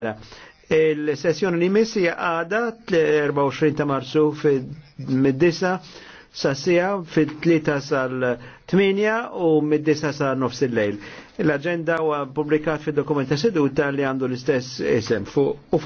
Mela, il-sessjoni li missi għada 24 ta' marzu mid-disa sassija fit tlita sal-8 u mid-disa sal-nofs il-lejl. L-agenda huwa publikat fil dokumenta seduta li għandu l-istess isem fuq